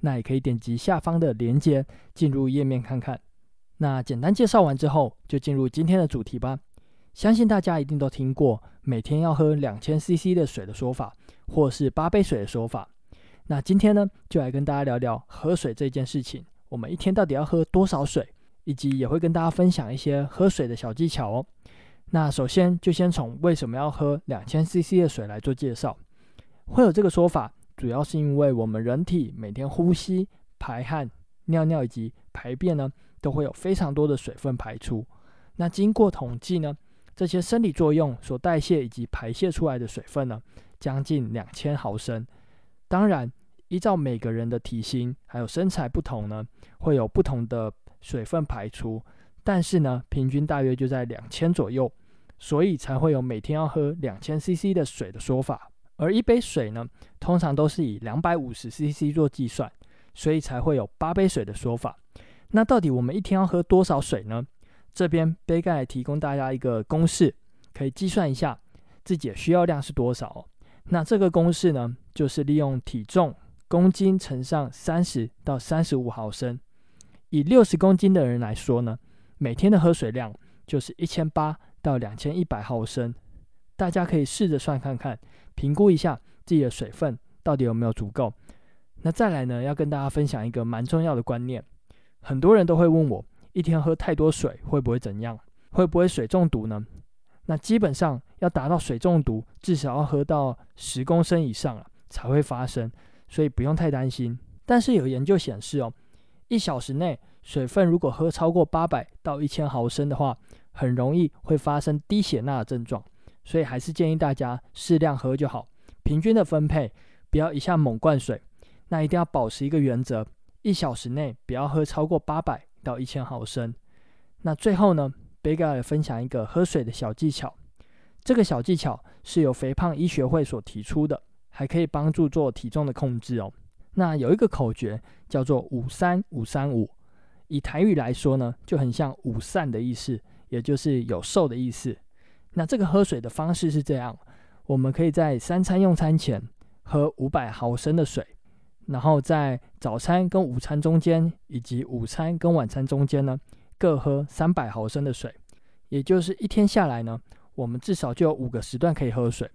那也可以點擊下方的鏈接進入頁面看看。那簡單介紹完之後，就進入今天的主題吧。相信大家一定都聽過每天要喝兩千 CC 的水的說法，或是八杯水的說法。那今天呢，就來跟大家聊聊喝水這件事情。我們一天到底要喝多少水，以及也會跟大家分享一些喝水的小技巧哦。那首先就先從為什麼要喝兩千 CC 的水來做介紹，會有這個說法。主要是因為我們人體每天呼吸、排汗、尿尿以及排便呢，都會有非常多的水分排出。那經過統計呢，這些生理作用所代謝以及排泄出來的水分呢，將近兩千毫升。當然，依照每個人的體型還有身材不同呢，會有不同的水分排出，但是呢，平均大約就在兩千左右，所以才會有每天要喝兩千 CC 的水的說法。而一杯水呢，通常都是以兩百五十 CC 做計算，所以才會有八杯水的說法。那到底我們一天要喝多少水呢？這邊杯蓋提供大家一個公式，可以計算一下自己的需要量是多少。那這個公式呢，就是利用體重公斤乘上三十到三十五毫升。以六十公斤的人來說呢，每天的喝水量就是一千八到兩千一百毫升。大家可以試着算看看，評估一下自己的水分到底有沒有足夠。那再來呢，要跟大家分享一個蠻重要的觀念。很多人都會問我，一天喝太多水會不會怎樣？會不會水中毒呢？那基本上要達到水中毒，至少要喝到十公升以上了啊，才會發生，所以不用太擔心。但是有研究顯示哦，一小時內水分如果喝超過八百到一千毫升的話，很容易會發生低血鈉的症狀。所以還是建議大家適量喝就好，平均的分配，不要一下猛灌水。那一定要保持一個原則，一小時內不要喝超過八百到一千毫升。那最後呢，杯蓋也分享一個喝水的小技巧。這個小技巧是由肥胖醫學會所提出的，還可以幫助做體重的控制哦。那有一個口訣叫做“五三五三五”，以台語來說呢，就很像“五散”的意思，也就是有瘦的意思。那這個喝水的方式是這樣：我們可以在三餐用餐前喝五百毫升的水，然後在早餐跟午餐中間，以及午餐跟晚餐中間呢，各喝三百毫升的水。也就是一天下來呢，我們至少就有五個時段可以喝水，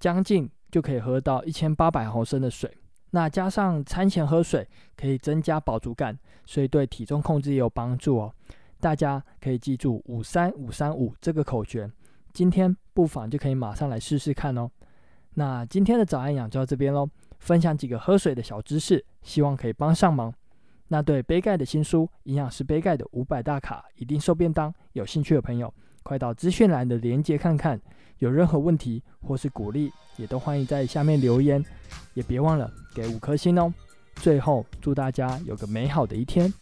將近就可以喝到一千八百毫升的水。那加上餐前喝水，可以增加飽足感，所以對體重控制也有幫助哦。大家可以記住“五三五三五”這個口訣。今天不妨就可以馬上來試試看哦。那今天的早安營養就到這邊嘍，分享幾個喝水的小知識，希望可以幫上忙。那對杯蓋的新書《營養師杯蓋的五百大卡一定瘦便當》，有興趣的朋友快到資訊欄的連接看看。有任何問題或是鼓勵，也都歡迎在下面留言，也別忘了給五顆星哦。最後，祝大家有個美好的一天。